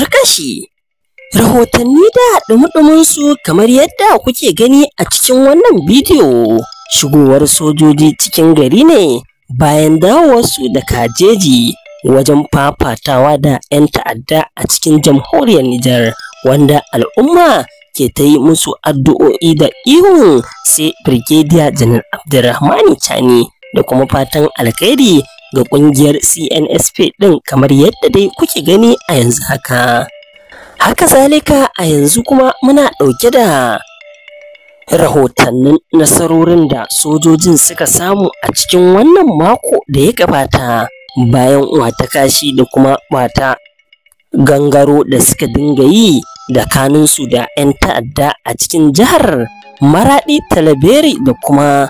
karkashi Rahotanni da ɗumi su kamar yadda kuke gani a cikin wannan bidiyo. Shigowar sojoji cikin gari ne bayan dawowarsu da kajeji wajen fafatawa da 'yan ta'adda a cikin jamhuriyar Nijar wanda al'umma ke ta yi musu addu'o'i da ihu, sai Brigadier Janar Abdulrahman Chani da kuma fatan alkhairi ga kungiyar CNSP din kamar yadda dai kuke gani a yanzu haka. Haka zalika a yanzu kuma muna ɗauke da rahotannin nasarorin da sojojin suka samu a cikin wannan mako da ya gabata bayan wata kashi da kuma wata gangaro da suka dinga yi da kanunsu da 'yan ta'adda a cikin jihar maradi talaberi da kuma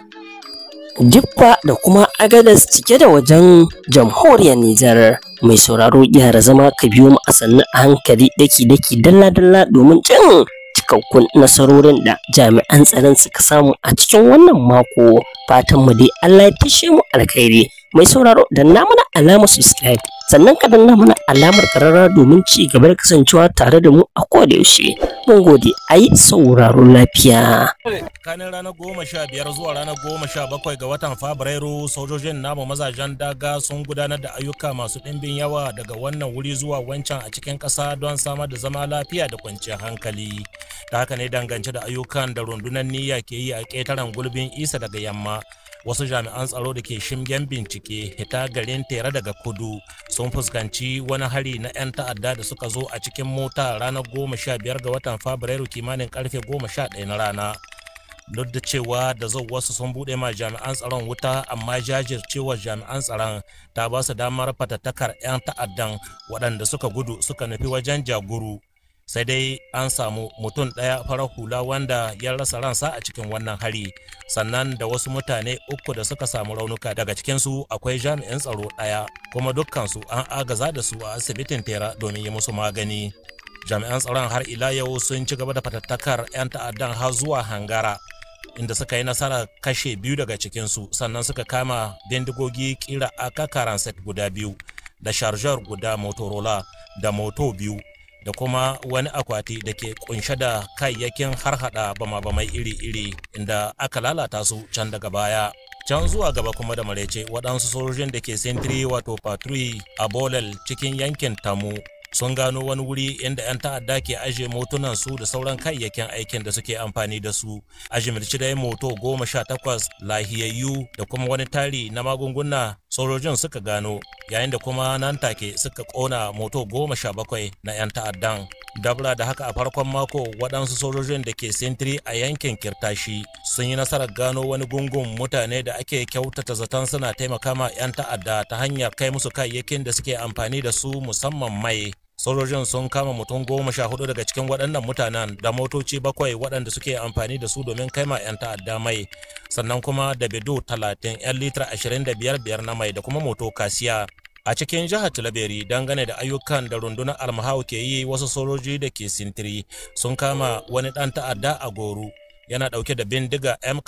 Diffa da kuma Agadas cike da wajen jamhuriyar Nijar. Mai sauraro gyara zama ka biyo mu a sannu a hankali daki-daki dalla-dalla domin jin cikakkun nasarorin da jami'an tsaron suka samu a cikin wannan mako. Fatan mu dai Allah ya tashe mu alkhairi. Mai sauraro da namu alamar subscribe sannan ka danna mana alamar karara domin ci gaba da kasancewa tare da mu a koda yaushe mun gode ayi sauraro lafiya kanin ranar goma sha biyar zuwa ranar goma sha bakwai ga watan fabrairu sojojin namu mazajen daga sun gudanar da ayyuka masu ɗimbin yawa daga wannan wuri zuwa wancan a cikin ƙasa don samar da zama lafiya da kwanciyar hankali da haka ne dangance da ayyukan da rundunar niyya ke yi a ƙetaren gulbin isa daga yamma wasu jami'an tsaro da ke shimgen bincike hita garin tera daga kudu sun fuskanci wani hari na 'yan ta'adda da suka zo a cikin mota ranar goma sha biyar ga watan fabrairu kimanin karfe goma sha ɗaya na rana duk da cewa da zau wasu sun buɗe ma jami'an tsaron wuta amma jajircewar jami'an tsaron ta ba su damar fatattakar 'yan ta'addan waɗanda suka gudu suka nufi wajen jaguru sai dai an samu mutum ɗaya farar hula wanda ya rasa ransa a cikin wannan hari sannan da wasu mutane uku da suka samu raunuka daga cikinsu akwai jami'in tsaro ɗaya kuma dukkansu an agaza da su a asibitin tera domin yi musu magani jami'an tsaron har ila yau sun ci gaba da fatattakar 'yan ta'addan har zuwa hangara inda suka yi nasara kashe biyu daga cikinsu sannan suka kama bindigogi kira aka set guda biyu da sharjar guda motorola da moto biyu da kuma wani akwati da ke kunshe da kayayyakin harhaɗa bama-bamai iri-iri inda aka lalata su can daga baya. Can zuwa gaba kuma da marece waɗansu sojojin da ke sintiri wato patrui a Bolel cikin yankin Tamu sun gano wani wuri inda 'yan ta'adda ke ajiye motunan su da sauran kayayyakin aikin da suke amfani da su a jimirci dai moto goma sha takwas lahiyayyu da kuma wani tari na magunguna sojojin suka gano yayin da kuma nan take suka kona moto goma sha bakwai na 'yan ta'addan dabra da haka a farkon mako waɗansu sojojin da ke sintiri a yankin kirtashi sun yi nasarar gano wani gungun mutane da ake kyautata zaton suna taimaka ma 'yan ta'adda ta hanyar kai musu kayayyakin da suke amfani da su musamman mai sojojin sun kama mutum goma sha hudu daga cikin waɗannan mutanen da motoci bakwai waɗanda suke amfani da su domin kai ma 'yan ta'adda mai sannan kuma da bidu talatin 'yan litar ashirin da biyar biyar na mai da kuma moto kasiya a cikin jihar tilaberi dangane da ayyukan da rundunar almahau ke yi wasu sojoji da ke sintiri sun kama wani ɗan ta'adda a goro yana ɗauke da bindiga m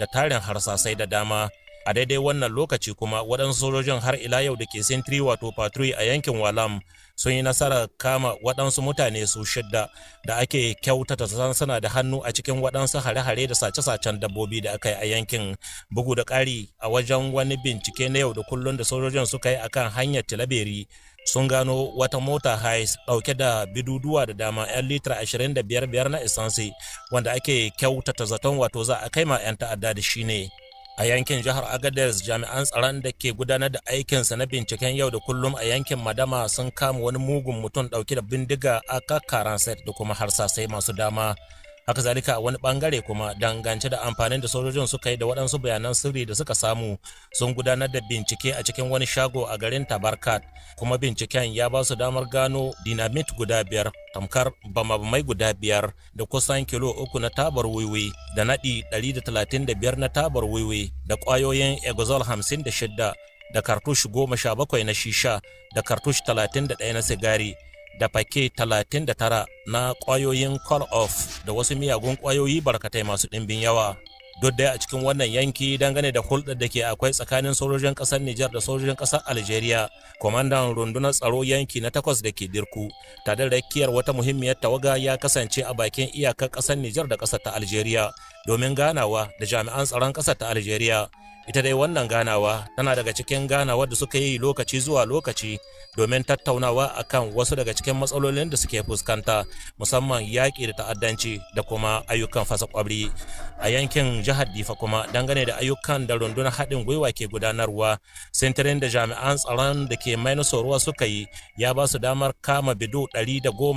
da tarin harsasai da dama a daidai wannan lokaci kuma waɗansu sojojin har ila yau da ke sentry wato patrol a yankin walam sun yi nasarar kama waɗansu mutane su shidda da ake kyautata sansana da hannu a cikin waɗansu hare-hare da sace-sacen dabbobi da aka yi a yankin bugu da ƙari a wajen wani bincike na yau da kullun da sojojin suka yi akan hanyar tilaberi sun gano wata mota hais ɗauke da biduduwa da dama 'yan litra 25 na isansi wanda ake kyautata zaton wato za a kai ma 'yan ta'adda da shi ne. a yankin jihar agadez jami'an tsaron da ke gudanar da aikinsa na binciken yau da kullum a yankin madama sun kama wani mugun mutum dauke da bindiga a kakkaran da kuma harsasai masu dama haka zalika a wani bangare kuma dangance da amfanin da sojojin suka yi da waɗansu bayanan sirri da suka samu sun gudanar da bincike a cikin wani shago a garin tabarkat kuma binciken ya ba su damar gano dinamit guda biyar tamkar bamabamai guda biyar da kusan kilo uku na tabar wiwi da naɗi 135 na tabar wiwi da ƙwayoyin egozol 56 da kartush bakwai na shisha da kartush ɗaya na sigari da fake 39 na ƙwayoyin call off da wasu miyagun kwayoyi barkatai masu ɗimbin yawa duk dai a cikin wannan yanki dangane da hulɗar da ke akwai tsakanin sojojin ƙasar Nijar da sojojin ƙasar Algeria, kwamandan rundunar tsaro yanki na takwas da ke Dirku, tare da rakiyar wata muhimmiyar tawaga ya kasance a bakin iyakar ƙasar Nijar da ƙasar ta Algeria domin ganawa da jami'an tsaron ƙasar ta Algeria. ita dai wannan ganawa tana daga cikin ganawa da suka yi lokaci zuwa lokaci domin tattaunawa akan wasu daga cikin matsalolin da suke fuskanta musamman yaƙi da ta'addanci da kuma ayyukan fasa kwabri a yankin jihar difa kuma dangane da ayyukan da rundunar haɗin gwiwa ke gudanarwa sintirin da jami'an tsaron da ke mainasoruwa suka yi ya ba su damar kama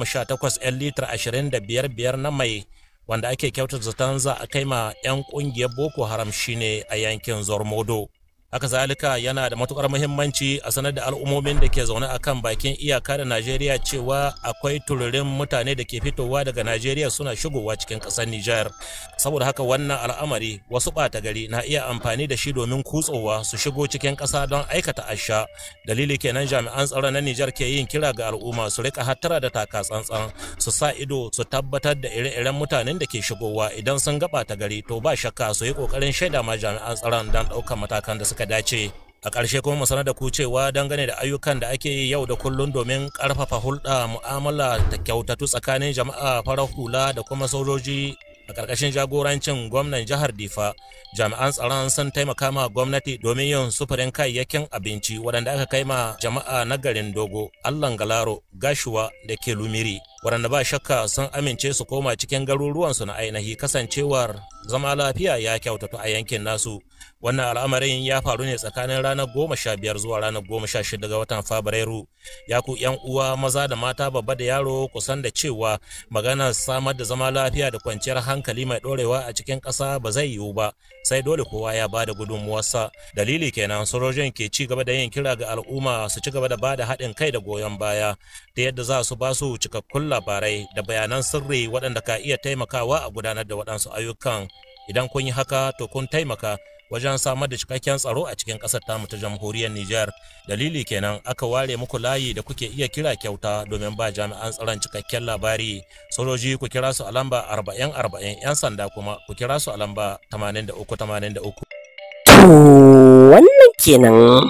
sha 118 'yan litar 25 biyar na mai wanda ake kyautata zaton za a kai ma 'yan kungiyar boko haram shine a yankin zormodo haka zalika yana da matukar muhimmanci a sanar da al'ummomin da ke zaune a kan bakin iyaka da najeriya cewa akwai tururin mutane da ke fitowa daga najeriya suna shigowa cikin kasar nijar saboda haka wannan al'amari wasu ɓata gari na iya amfani da shi domin kutsowa su shigo cikin ƙasa don aikata asha dalili kenan jami'an tsaron na nijar ke yin kira ga al'umma su rika hattara da taka tsantsan su sa ido su tabbatar da ire-iren mutanen da ke shigowa idan sun ga ɓata gari to ba shakka su yi ƙoƙarin shaida ma jami'an tsaron don ɗaukar matakan da suka dace a ƙarshe kuma mu sanar da ku cewa dangane da ayyukan da ake yi yau da kullum domin ƙarfafa hulɗa mu'amala da kyautatu tsakanin jama'a farar hula da kuma sojoji a ƙarƙashin jagorancin gwamnan jihar difa jami'an tsaron sun taimaka ma gwamnati domin yin sufurin kayayyakin abinci waɗanda aka kai ma jama'a na garin dogo allan galaro gashuwa da ke lumiri waɗanda ba shakka sun amince su koma cikin garuruwansu na ainihi kasancewar zama lafiya ya kyautatu a yankin nasu wannan al'amarin ya faru ne tsakanin ranar goma sha biyar zuwa ranar goma sha shida ga watan fabrairu ya ku yan uwa maza da mata babba da yaro kusan da cewa maganar samar da zama lafiya da kwanciyar hankali mai ɗorewa a cikin ƙasa ba zai yiwu ba sai dole kowa ya bada gudunmuwarsa dalili kenan sojojin ke ci gaba da yin kira ga al'umma su ci gaba da bada haɗin kai da goyon baya Ta yadda za su ba su cikakkun labarai da bayanan sirri waɗanda ka iya taimakawa a gudanar da waɗansu ayyukan idan kun yi haka to kun taimaka wajen samar da cikakken tsaro a cikin ƙasar tamu ta jamhuriyar Nijar. Dalili kenan aka ware muku layi da kuke iya kira kyauta domin ba jami'an tsaron cikakken labari. Sojoji ku kira su a lamba 40-40 'yan sanda kuma ku kira su a lamba 83-83. wannan kenan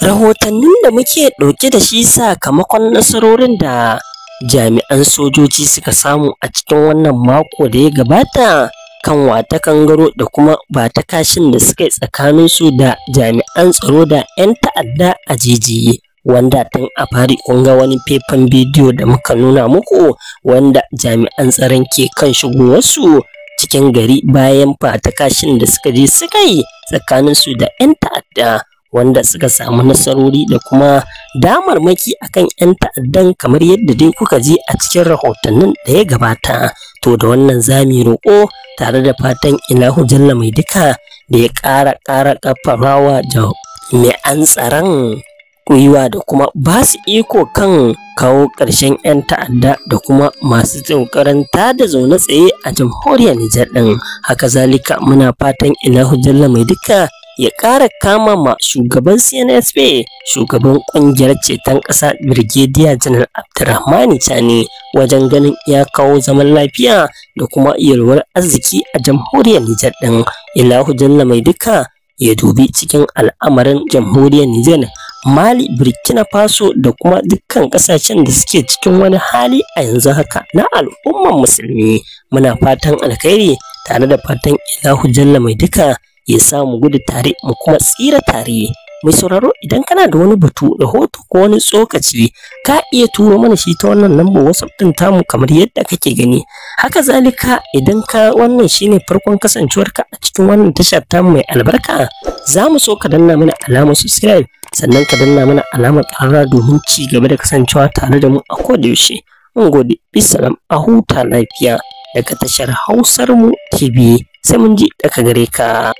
rahotannin da muke ɗauke da shi sakamakon nasarorin da jami'an sojoji suka samu a cikin wannan mako da ya gabata kan wata kangaro da kuma ba ta kashin da suka yi tsakaninsu da jami'an tsaro da 'yan ta'adda a jijiye wanda tun a fari kun ga wani faifan bidiyo da muka nuna muku wanda jami'an tsaron ke kan shigo wasu, cikin gari bayan kashin da suka je suka yi tsakaninsu da 'yan ta'adda wanda suka samu nasarori da kuma damarmaki akan 'yan ta'addan kamar yadda dai kuka ji a cikin rahotannin da ya gabata to da wannan zami roƙo tare da fatan ilahu jalla mai duka da ya ƙara ƙara ƙafafawa da mai an tsaron gwiwa da kuma ba su iko kan kawo ƙarshen 'yan ta'adda da kuma masu tsokarin da zaune tsaye a jamhuriyar Nijar ɗin. Haka zalika muna fatan ilahu jalla mai duka ya ƙara kama ma shugaban CNSP shugaban ƙungiyar ceton ƙasa Birgediya Janar Abdurrahmani Chani wajen ganin ya kawo zaman lafiya da kuma yalwar arziki a jamhuriyar Nijar ɗin. Ilahu Jalla mai duka ya dubi cikin al'amarin jamhuriyar Nijar Mali, Burkina Faso da kuma dukkan ƙasashen da suke cikin wani hali a yanzu haka na al'umman musulmi muna fatan alkhairi tare da fatan ilahu jalla mai duka ya sa mu gudu tare mu kuma tsira tare mai sauraro idan kana da wani batu da hoto ko wani tsokaci ka iya turo mana shi ta wannan lambar whatsapp din tamu kamar yadda kake gani haka zalika idan ka wannan shine farkon kasancewarka a cikin wannan tashar tamu mai albarka za mu so ka danna mana alamar subscribe sannan ka danna mana alamar ƙara domin ci gaba da kasancewa tare da mu a yaushe mun gode bisalam a huta lafiya daga tashar hausar mu tv sai mun ji daga gare ka